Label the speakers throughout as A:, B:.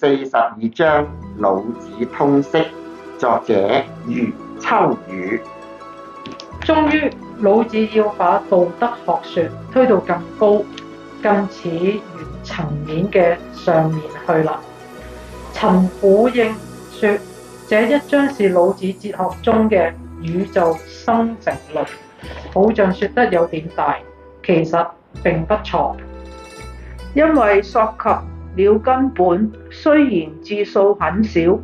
A: 四十二章《老子通釋》，作者余秋雨。
B: 終於，老子要把道德學說推到更高、更似元層面嘅上面去啦。陳鼓應說，這一章是老子哲學中嘅宇宙生成論，好像說得有點大，其實並不錯，因為涉及。了根本，
C: 雖然字數很少，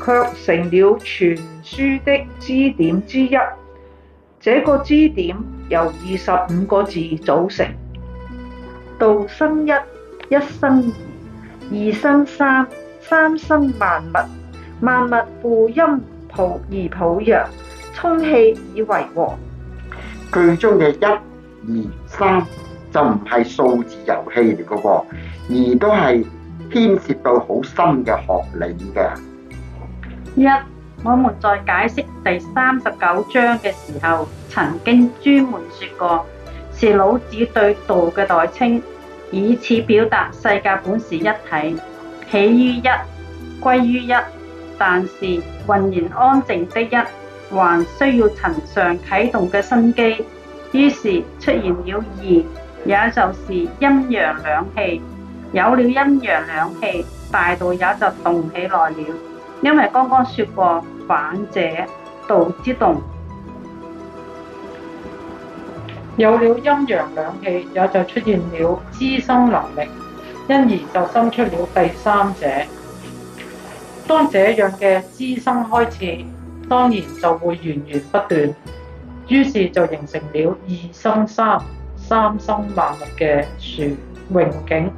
C: 卻成了全書的支點之一。這個支點由二十五個字組成：
D: 道生一，一生二，二生三，
C: 三生萬物，萬物負陰抱而抱陽，沖氣以為和。
A: 句中嘅一、二、三。就唔係數字遊戲嚟噶喎，而都係牽涉到好深嘅學理嘅。一，
D: 我們在解釋第三十九章嘅時候，曾經專門説過，是老子對道嘅代稱，以此表達世界本是一體，起於一，歸於一。但是混然安靜的一，還需要尋常啟動嘅心機，於是出現了二。也就是陰陽兩氣，有了陰陽兩氣，大道也就動起來了。因為剛剛說過，反者道之動。有了陰陽兩氣，
B: 也就出現了滋生能力，因而就生出了第三者。當這樣嘅滋生開始，當然就會源源不斷，於是就形成了二生三。三生萬物嘅樹榮景，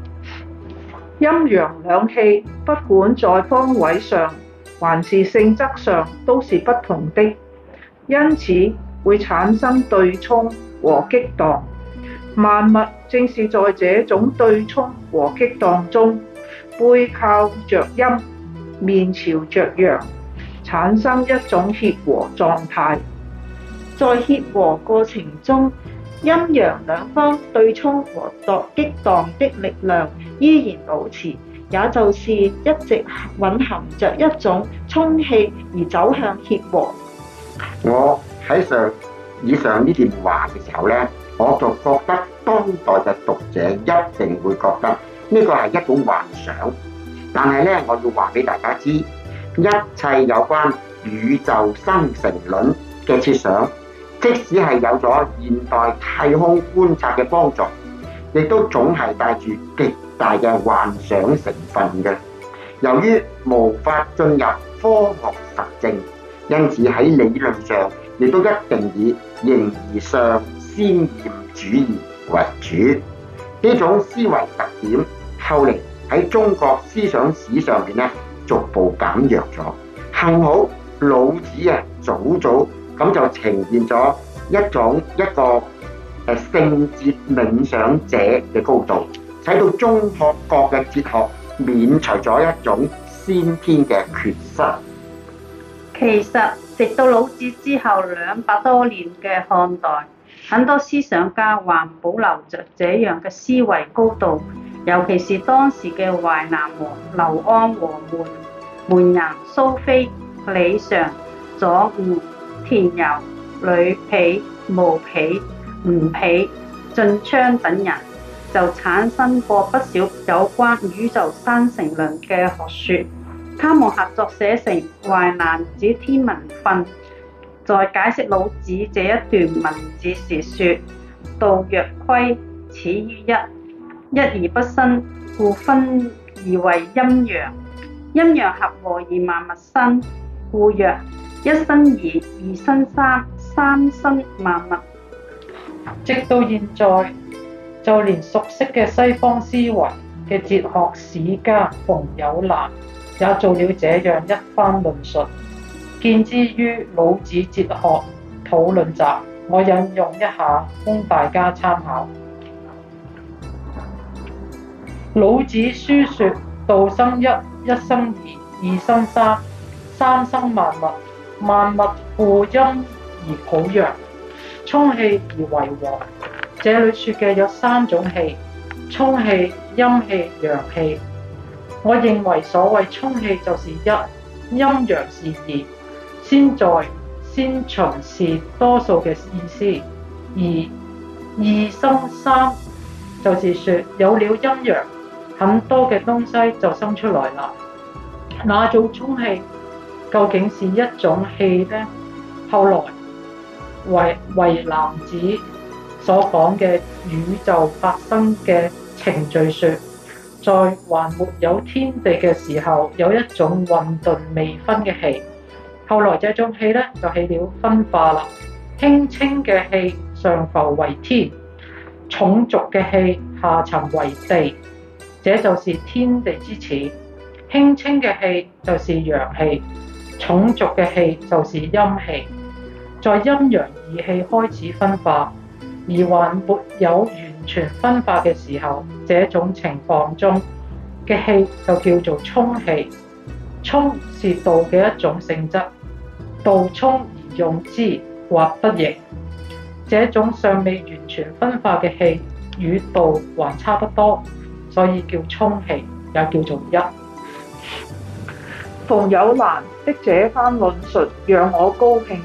B: 陰陽兩氣，
C: 不管在方位上還是性質上，都是不同的，因此會產生對衝和激盪。萬物正是在這種對衝和激盪中，背靠着陰，面朝着陽，產生一種協和狀態。在協和過程中，陰陽兩方對衝和度激盪的力量依然保持，也就是一直蘊含着一種沖氣而走向協和。
A: 我喺上以上呢段話嘅時候呢，我就覺得當代嘅讀者一定會覺得呢個係一種幻想。但係呢，我要話俾大家知，一切有關宇宙生成論嘅設想。即使係有咗現代太空觀察嘅幫助，亦都總係帶住極大嘅幻想成分嘅。由於無法進入科學實證，因此喺理論上亦都一定以形而上先驗主義為主。呢種思維特點後嚟喺中國思想史上邊咧逐步減弱咗。幸好老子啊，早早。咁就呈現咗一種一個誒聖哲冥想者嘅高度，使到中國各嘅哲學免除咗一種先天嘅缺失。
D: 其實，直到老子之後兩百多年嘅漢代，很多思想家還保留著這樣嘅思維高度，尤其是當時嘅淮南王劉安和門門人蘇飛、李尚、左吳、田由、雷被、毛被、伍被、晉昌等人就產生過不少有關宇宙生成論嘅學說。他們合作寫成《淮南子天文訓》，在解釋老子這一段文字時說：道若規，始於一；一而不生，故分而為陰陽。陰陽合和而萬物生，故曰。一生二，二生三，三生萬物。直到現在，
B: 就連熟悉嘅西方思維嘅哲學史家馮友蘭，也做了這樣一番論述，見之於《老子哲學討論集》。我引用一下，供大家參考。老子書說：「道生一，一生二，二生三，三生萬物。萬物負陰而抱陽，沖氣而為和。這裏說嘅有三種氣：沖氣、陰氣、陽氣。我認為所謂沖氣就是一，陰陽是二，先在先存是多數嘅意思。而二生三，就是說有了陰陽，很多嘅東西就生出來啦。那種沖氣，究竟是一種氣呢？後來，淮、淮南子所講嘅宇宙發生嘅程序說，說在還沒有天地嘅時候，有一種混沌未分嘅氣。後來，這種氣呢就起了分化啦。輕清嘅氣上浮為天，重濁嘅氣下沉為地，這就是天地之始。輕清嘅氣就是陽氣。重濁嘅氣就是陰氣，在陰陽二氣開始分化而還沒有完全分化嘅時候，這種情況中嘅氣就叫做沖氣。沖是道嘅一種性質，道沖而用之或不盈。這種尚未完全分化嘅氣與道還差不多，所以叫沖氣，也叫做一。
C: 馮友蘭的這番論述讓我高興，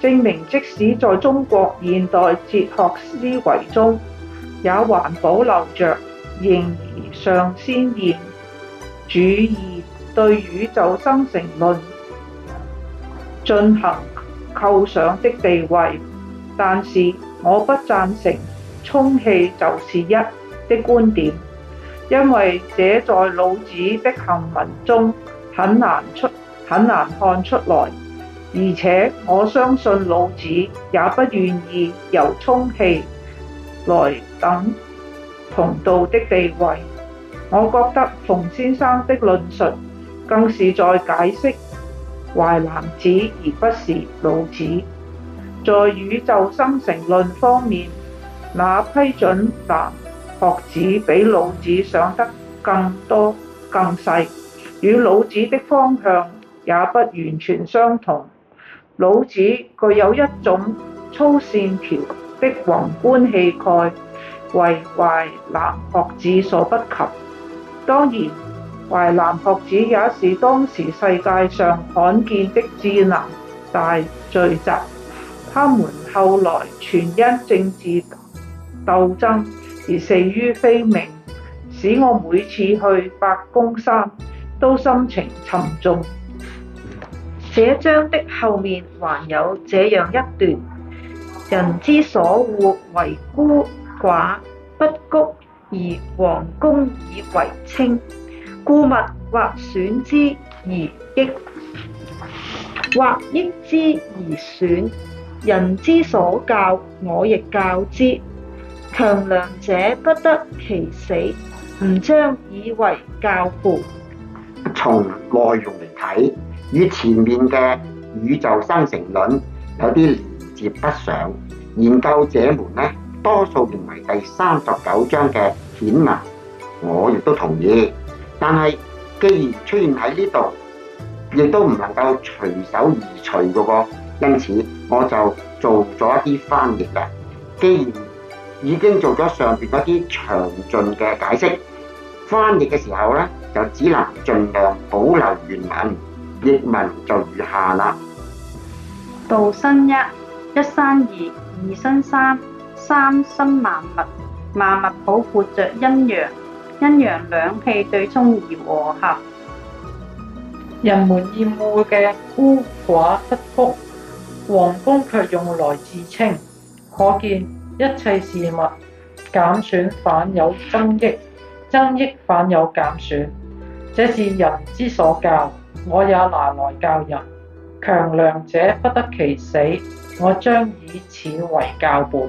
C: 證明即使在中國現代哲學思維中，也還保留着形而上先驗主義對宇宙生成論進行構想的地位。但是我不讚成充氣就是一的觀點，因為這在老子的行文中。很難出，很難看出來，而且我相信老子也不願意由沖氣來等同道的地位。我覺得馮先生的論述更是在解釋淮南子，而不是老子。在宇宙生成論方面，那批淮南學子比老子想得更多更細。與老子的方向也不完全相同。老子具有一種粗線條的宏觀氣概，為淮南學子所不及。當然，淮南學子也是當時世界上罕見的智能大聚集。他們後來全因政治鬥爭而死於非命，使我每次去白公山，都心情沉重。這章的後面還有這樣一段：人之所惡，為孤寡不谷，而王公以為稱，故物或損之而益，或益之而損。人之所教，我亦教之。強梁者不得其死，吾將以為教父。
A: 從內容嚟睇，與前面嘅宇宙生成論有啲連接不上，研究者們呢，多數認為第三十九章嘅顯文，我亦都同意。但係既然出現喺呢度，亦都唔能夠隨手而除嘅喎。因此我就做咗一啲翻譯啦。既然已經做咗上邊嗰啲詳盡嘅解釋，翻譯嘅時候呢。就只能盡量保留原文，譯文就如下啦。
D: 道生一，一生二，二生三，三生萬物。萬物包括着陰陽，陰陽兩氣對衝而和合。人們厭惡嘅孤寡不穀，王
B: 公卻用來自稱。可見一切事物減損反有增益，增益反有減損。這是人之所教，我也拿來教人。強梁者不得其死，我將以此為教本。